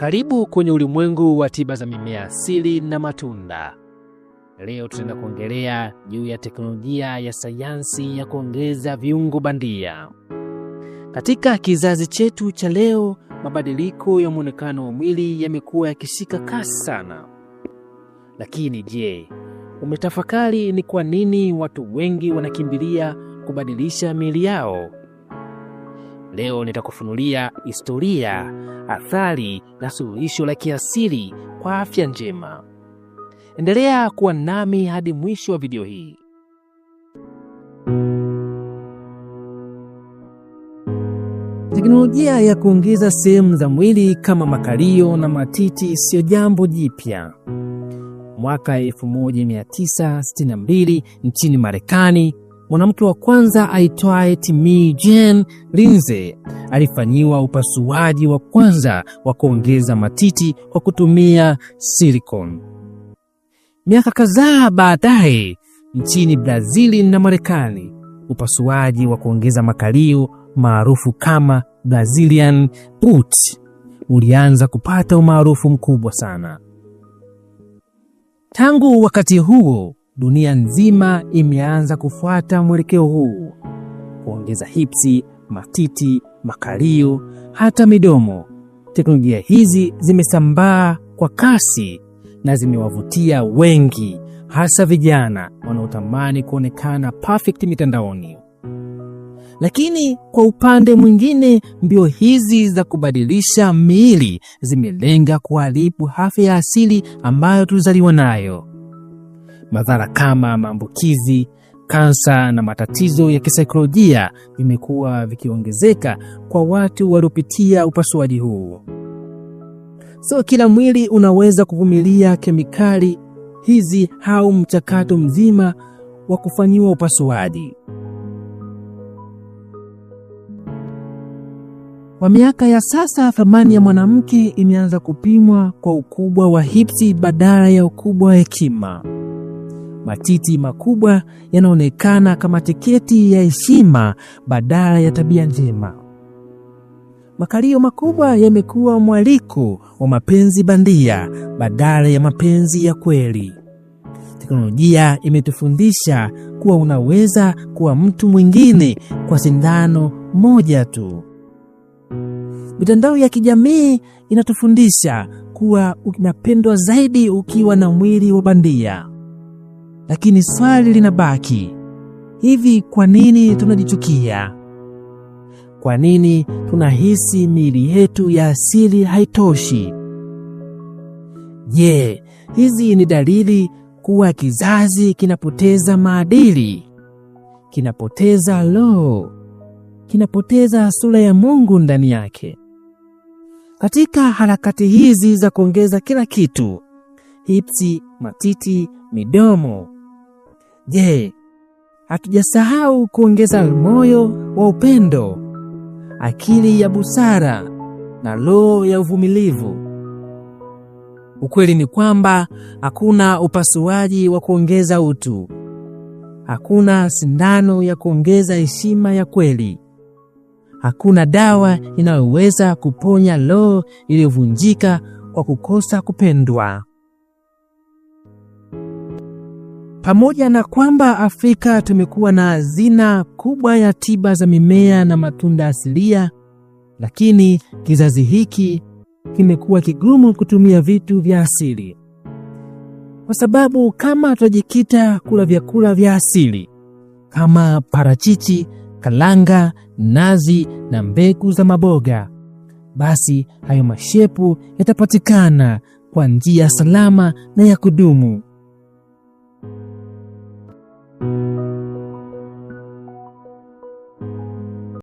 Karibu kwenye ulimwengu wa tiba za mimea asili na matunda. Leo tutaenda kuongelea juu ya teknolojia ya sayansi ya kuongeza viungo bandia. Katika kizazi chetu cha leo, mabadiliko ya mwonekano wa mwili yamekuwa yakishika kasi sana. Lakini je, umetafakari ni kwa nini watu wengi wanakimbilia kubadilisha miili yao? Leo nitakufunulia historia, athari na suluhisho la kiasili kwa afya njema. Endelea kuwa nami hadi mwisho wa video hii. Teknolojia ya kuongeza sehemu za mwili kama makalio na matiti siyo jambo jipya. Mwaka 1962 nchini Marekani mwanamke wa kwanza aitwaye timi Jane Lindsay alifanyiwa upasuaji wa kwanza wa kuongeza matiti kwa kutumia silikon Miaka kadhaa baadaye, nchini Brazili na Marekani, upasuaji wa kuongeza makalio maarufu kama Brazilian put ulianza kupata umaarufu mkubwa sana. Tangu wakati huo dunia nzima imeanza kufuata mwelekeo huu, kuongeza hipsi, matiti, makalio, hata midomo. Teknolojia hizi zimesambaa kwa kasi na zimewavutia wengi, hasa vijana wanaotamani kuonekana perfect mitandaoni. Lakini kwa upande mwingine, mbio hizi za kubadilisha miili zimelenga kuharibu afya ya asili ambayo tulizaliwa nayo. Madhara kama maambukizi, kansa na matatizo ya kisaikolojia vimekuwa vikiongezeka kwa watu waliopitia upasuaji huu. So kila mwili unaweza kuvumilia kemikali hizi au mchakato mzima wa kufanyiwa upasuaji. Kwa miaka ya sasa, thamani ya mwanamke imeanza kupimwa kwa ukubwa wa hipsi badala ya ukubwa wa hekima. Matiti makubwa yanaonekana kama tiketi ya heshima badala ya tabia njema. Makalio makubwa yamekuwa mwaliko wa mapenzi bandia badala ya mapenzi ya kweli. Teknolojia imetufundisha kuwa unaweza kuwa mtu mwingine kwa sindano moja tu. Mitandao ya kijamii inatufundisha kuwa unapendwa zaidi ukiwa na mwili wa bandia. Lakini swali linabaki, hivi kwa nini tunajichukia? Kwa nini tunahisi miili yetu ya asili haitoshi? Je, yeah, hizi ni dalili kuwa kizazi kinapoteza maadili, kinapoteza roho, kinapoteza sura ya Mungu ndani yake. Katika harakati hizi za kuongeza kila kitu, hipsi, matiti, midomo Je, hatujasahau kuongeza moyo wa upendo, akili ya busara na roho ya uvumilivu? Ukweli ni kwamba hakuna upasuaji wa kuongeza utu, hakuna sindano ya kuongeza heshima ya kweli, hakuna dawa inayoweza kuponya roho iliyovunjika kwa kukosa kupendwa. Pamoja na kwamba Afrika tumekuwa na hazina kubwa ya tiba za mimea na matunda asilia, lakini kizazi hiki kimekuwa kigumu kutumia vitu vya asili, kwa sababu kama tutajikita kula vyakula vya asili kama parachichi, kalanga, nazi na mbegu za maboga, basi hayo mashepu yatapatikana kwa njia salama na ya kudumu.